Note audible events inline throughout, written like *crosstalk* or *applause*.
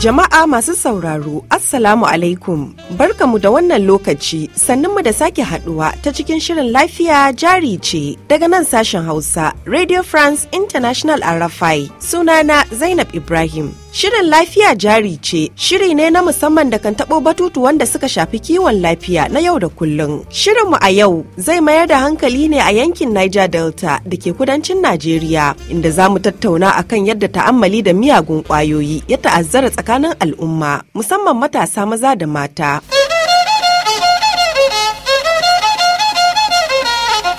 Jama'a masu sauraro, Assalamu alaikum, barkamu da wannan lokaci sannunmu da sake haduwa ta cikin shirin lafiya jari ce daga nan sashen Hausa, Radio France International Arafai, sunana Zainab Ibrahim. Shirin lafiya jari ce, shiri ne na musamman da kan taɓo batutu wanda suka shafi kiwon lafiya na yau da kullum. Shirinmu a yau zai mayar da hankali ne a yankin Niger Delta da ke kudancin Najeriya, inda za mu tattauna a kan yadda ta'ammali da miyagun ƙwayoyi ya ta'azzara tsakanin al'umma, musamman matasa maza da mata.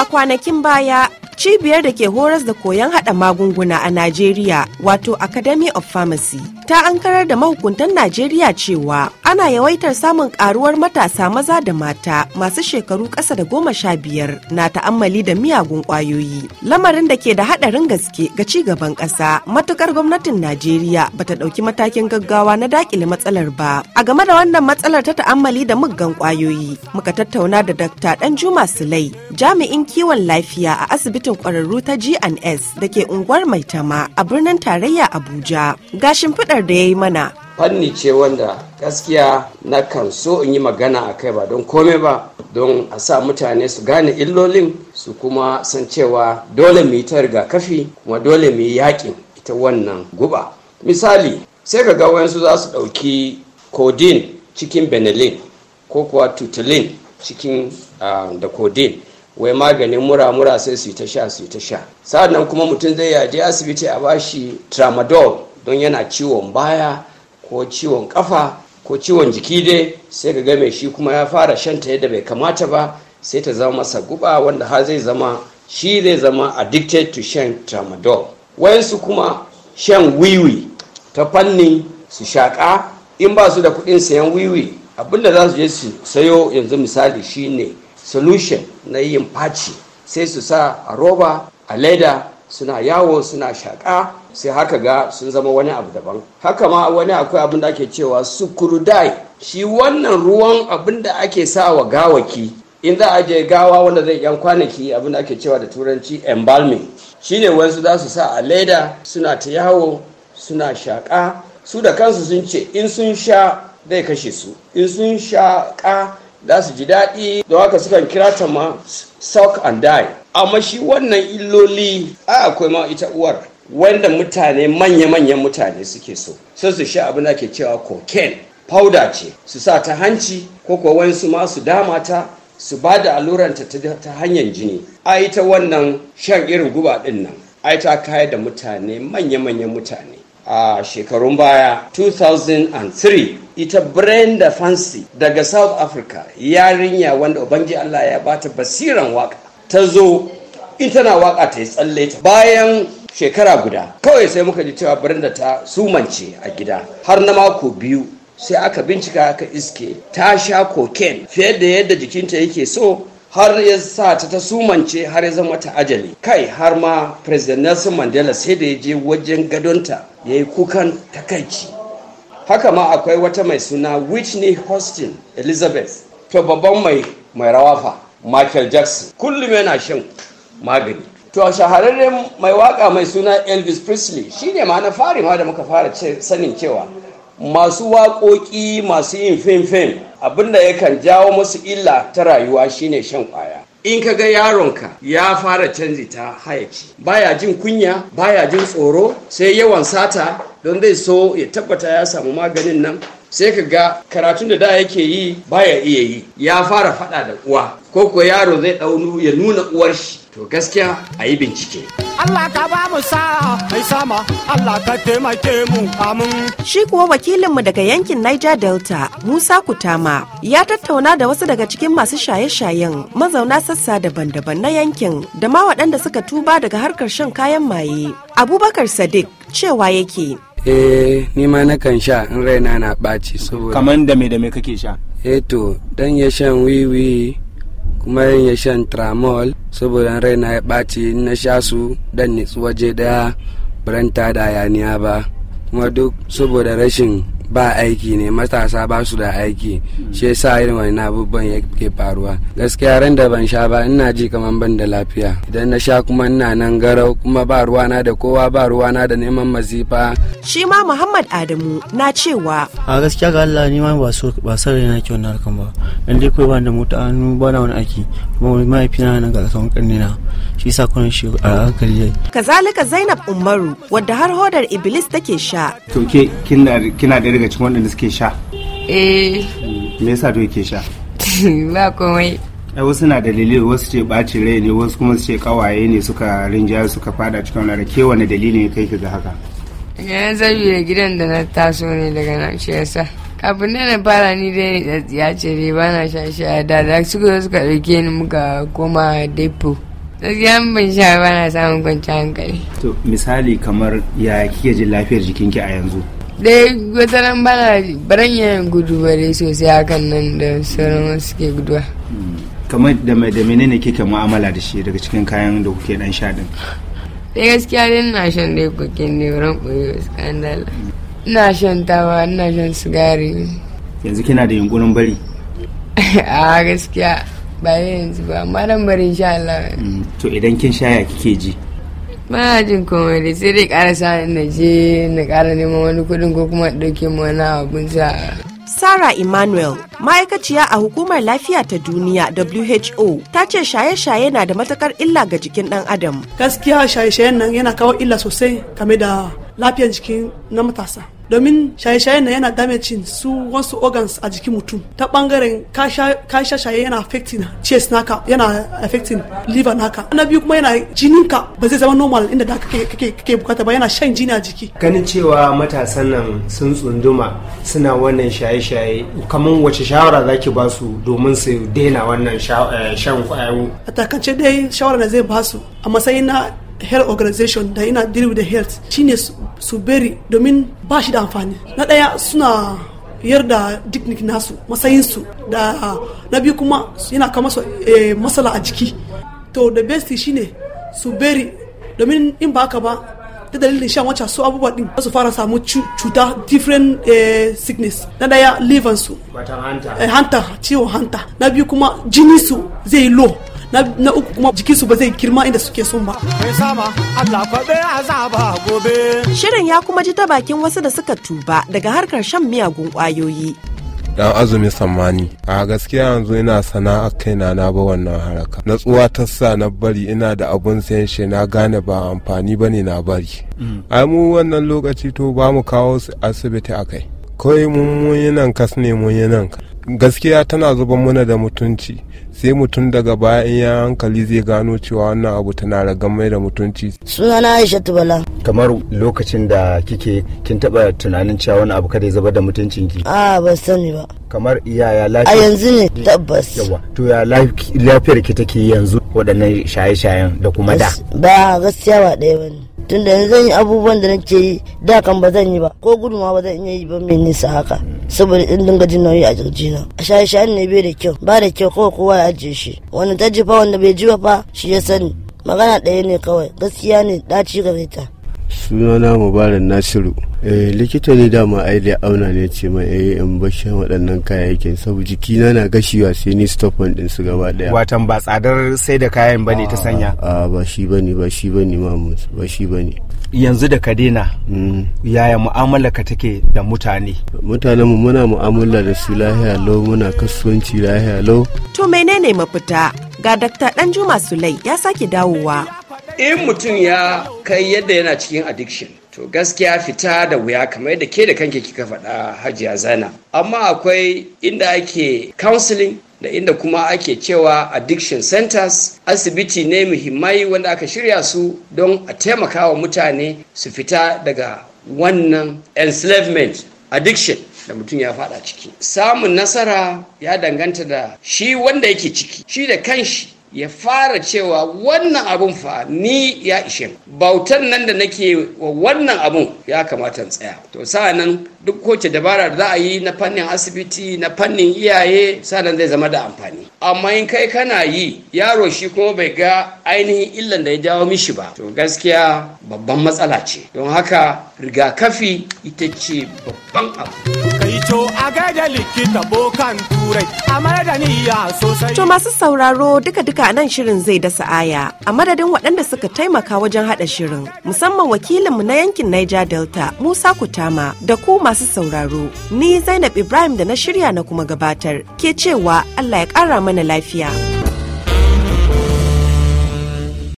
A kwanakin baya cibiyar da ke horas da koyon haɗa magunguna a Najeriya wato Academy of Pharmacy ta ankarar da mahukuntan Najeriya cewa ana yawaitar samun karuwar matasa maza da mata masu shekaru ƙasa da goma sha biyar na ta'ammali da miyagun ƙwayoyi. Lamarin da ke da haɗarin gaske ga ci gaban ƙasa matukar gwamnatin Najeriya bata ɗauki matakin gaggawa na dakile matsalar ba. A game da wannan matsalar ta ta'ammali da muggan ƙwayoyi muka tattauna da Dr. Danjuma Sulai jami'in kiwon lafiya a asibitin ƙwararru ta GNS da ke unguwar Maitama a birnin tarayya Abuja. Ga shimfiɗar shawarar da ya yi mana fanni ce wanda gaskiya na kan so in yi magana a kai ba don kome ba don a sa mutane su gane illolin su kuma san cewa dole mu yi ta rigakafi kuma dole mu yi yakin ita wannan guba misali sai ka ga wayansu za su ɗauki kodin cikin benelin ko kuwa tutulin cikin da codeine wai maganin mura-mura sai su yi ta sha su yi ta sha sa'an kuma mutum zai yaje asibiti a bashi tramadol don yana ciwon baya ko ciwon kafa ko ciwon jiki dai sai ka game shi kuma ya fara shanta yadda bai kamata ba sai ta zama masa guba wanda har zai zama shi zai zama addicted to shan tramadol wayansu kuma shan wiwi ta fanni su shaƙa in ba su da kuɗin sayan wiwi abinda za su je su sayo yanzu misali shine solution na yin faci sai su sa a roba a leda suna yawo suna shaƙa sai haka ga sun zama wani abu daban haka ma wani akwai abin da ake cewa sukurdai shi wannan ruwan abin da ake sa wa gawaki in za a je gawa wanda zai yan kwanaki abin da ake cewa da turanci embalming shine wasu za su sa a leda suna ta yawo suna shaƙa su da kansu sun ce in sun sha zai kashe su in sun shaƙa za su ji daɗi don haka sukan kira ta ma suck and die amma shi wannan illoli a akwai ma ita uwar wanda mutane manya-manyan mutane suke so sun su sha abin da ke cewa cocaine powder ce su sa ta hanci ko kuwa wani su ma dama ta su ba da alluranta ta hanyar jini a ita wannan shan irin guba din nan a ta kayar da mutane manya-manyan mutane a shekarun baya 2003 ita brenda fancy daga south africa yarinya wanda ubangi allah ya bata basiran waka ta zo in tana waka ta yi tsalle ta bayan shekara guda kawai sai muka ji cewa Brenda ta sumance a gida har na mako biyu sai aka bincika aka iske ta sha cocaine fiye da yadda jikinta yake so har ya sa ta ta sumance har ya zama ta ajali kai har ma president nelson mandela sai da ya je wajen gadonta ya yi kukan takaici haka ma akwai wata mai suna whitney houston elizabeth to babban mai mai rawafa michael jackson kullum yana shan magani to shahararren mai waka mai suna elvis presley shine ma na fari ma da muka fara sanin cewa masu waƙoƙi masu yin fim-fim abinda yakan jawo musu illa ta rayuwa shine shan ƙwaya in ka ga yaronka ya fara canji ta hayaci baya jin kunya baya jin tsoro sai yawan sata don zai so ya tabbata ya samu maganin nan sai ka ga karatun da da yake yi baya iya yi ya fara faɗa da uwa ko ko yaro zai daunu ya nuna uwar shi to gaskiya a yi bincike. Allah ka ba mu sa'a mai sama Allah ka taimake mu amin. Shi kuwa wakilinmu daga yankin Niger Delta Musa Kutama ya tattauna da wasu daga cikin masu shaye-shayen mazauna sassa daban-daban na yankin da ma waɗanda suka tuba daga harkar shan kayan maye. Abubakar Sadiq cewa yake eh ni ma kan sha in raina na ɓaci saboda kamar da me da me kake sha eh to dan ya shan wiwi kuma yin ya shan tramol saboda raina ya ɓaci na sha su dan waje da branta da yaniya ba kuma duk saboda rashin ba aiki ne matasa ba su da aiki shi yasa irin wani abubuwan yake faruwa gaskiya ran da ban sha ba ina ji kaman ban da lafiya idan na sha kuma ina nan garau kuma ba ruwana da kowa ba ruwana da neman mazifa shi ma muhammad adamu na cewa a gaskiya ga allah ni ma ba sa ba sa na kyau na harkan ba dan dai kai ba da mota hannu ba na wani aiki kuma mahaifina na ga kasan na shi yasa kuma shi a hankali kazalika zainab umaru wadda har hodar iblis take sha to ke kina da daga cikin waɗanda suke sha eh hmm, me yasa to yake sha *laughs* ba komai ai wasu na dalili wasu ce ɓaci rai ne wasu kuma su ce kawaye ne suka rinja suka fada cikin wani rake wani dalili ne kai ka ga haka ya eh, zabi da gidan da na taso ne daga nan shi yasa kafin na fara ni dai da ya ce dai ba na sha sha da da suka suka ɗauke ni muka koma depo gaskiya ban sha ba na samun kwanciyar hankali to misali kamar ya kike jin lafiyar jikinki a yanzu dai wataran bana baran yayin gudu ba dai sosai hakan nan da sauran wasu ke guduwa kamar da da menene kike mu'amala da shi daga cikin kayan da kuke dan sha din dai gaskiya din na shan dai kuke ne ran koyo scandal na shan tawa na shan sigari yanzu kina da yunkurin bari *laughs* a gaskiya ba yanzu ba amma dan bari insha Allah mm, to idan kin sha ya kike ji mahajin kuma sai dai kara sa na je na kara neman wani kuɗin ko kuma ɗauke mu wani abun sa Sara Emmanuel, ma'aikaciya a hukumar lafiya ta duniya WHO, ta ce shaye-shaye na da matakar illa ga jikin ɗan adam. Gaskiya shaye-shayen nan yana kawo illa sosai game da lafiyar jikin na matasa. domin shaye-shaye na yana damacin su wasu organs a jikin mutum ta bangaren kasha shaye yana affecting chest naka yana affecting liver naka na biyu kuma yana jinin ka ba zai zama normal inda da kake bukata ba yana shan jini a jiki ganin cewa matasan nan sun tsunduma suna wannan shaye-shaye kamar wace shawara zaki ba su domin su daina wannan eh, shan kwayo a takance dai shawara da zai ba su a matsayin na health organization da yana deal with the health shine su beri domin ba shi da amfani na daya suna yarda dignity nasu matsayinsu da na biyu kuma yana kama su eh, matsala a jiki to the best shine su beri domin in ba ka ba ta dalilin shan wancan su abubuwa din su fara samu cuta different eh, sickness na daya liver su eh, hanta ciwon hanta na biyu kuma jini su zai low na uku kuma jikinsu ba zai girma inda suke son ba. Shirin ya kuma ji ta bakin wasu da suka tuba daga harkar shan miyagun kwayoyi. dan azumi sammani a gaskiya yanzu ina sana'a kaina na ba wannan haraka natsuwa ta sa na bari ina da abun sayan shi na gane ba amfani ba ne na bari mm. ai mu wannan lokaci to ba mu kawo asibiti a kai kawai mun yi nan kas ne mun yi nan kas gaskiya tana zuba mana da mutunci sai mutum daga baya in ya hankali zai gano cewa wannan abu tana ragamai da mutunci sunana aisha bala kamar lokacin da kike kin taba tunanin cewa wani abu kada ya zuba da mutuncin ki a ban sani ba kamar ya lafiya a yanzu ne tabbas yawa to ya lafiyar ki take yanzu waɗannan shaye-shayen da kuma da ba gaskiya ba ɗaya bane tunda yanzu zan yi abubuwan da nake yi da kan ba zan yi ba ko gudu ma ba zan iya yi ba mai nisa haka saboda in dinga jin nauyi a na a shaye shayen ne bai da kyau ba da kyau kawai kowa ya ajiye shi wanda ta ji fa wanda bai ji ba fa shi ya sani magana ɗaya ne kawai gaskiya ne ɗaci gare ta sunana mubarak nasiru eh likita ne dama ai da auna ne ce mai eh in bashin waɗannan kayayyakin saboda jikina na gashiwa sai ni stop din su gaba daya watan ba tsadar sai da kayan bane ta sanya a ba shi bane ba shi bane mamu ba shi bane yanzu da ka daina mm. yaya mu'amala ka take da mutane mutanen mu muna mu'amala da su lahiya lau muna kasuwanci lahiya lau to menene mafita ga dakta danjuma sulai ya sake dawowa in mutum ya kai yadda yana cikin addiction to gaskiya fita da wuya kamar yadda ke da kanke kika faɗa hajiya zana amma akwai inda ake counseling da inda kuma ake cewa addiction centers asibiti ne muhimmai wanda aka shirya su don a taimaka wa mutane su fita daga wannan enslavement addiction da mutum ya fada ciki samun nasara ya danganta da shi wanda yake ciki shi da kanshi ya fara cewa wannan abun fa ni ya ishe bautan nan da nake wa wannan abun ya kamata tsaya to sa-nan duk kowace dabara da za a yi na fannin asibiti na fannin iyaye sa'annan zai zama da amfani amma in kai kana yi yaro shi kuma bai ga ainihin illan da ya jawo mishi ba to gaskiya babban matsala ce don haka rigakafi ita ce babban abu kai to a gaida likita bokan turai a sosai to masu sauraro duka duka nan shirin zai dasa aya a madadin waɗanda suka taimaka wajen haɗa shirin musamman wakilinmu na yankin Niger Delta Musa Kutama da ku masu sauraro ni Zainab Ibrahim da na shirya na kuma gabatar ke cewa Allah ya ƙara life, yeah.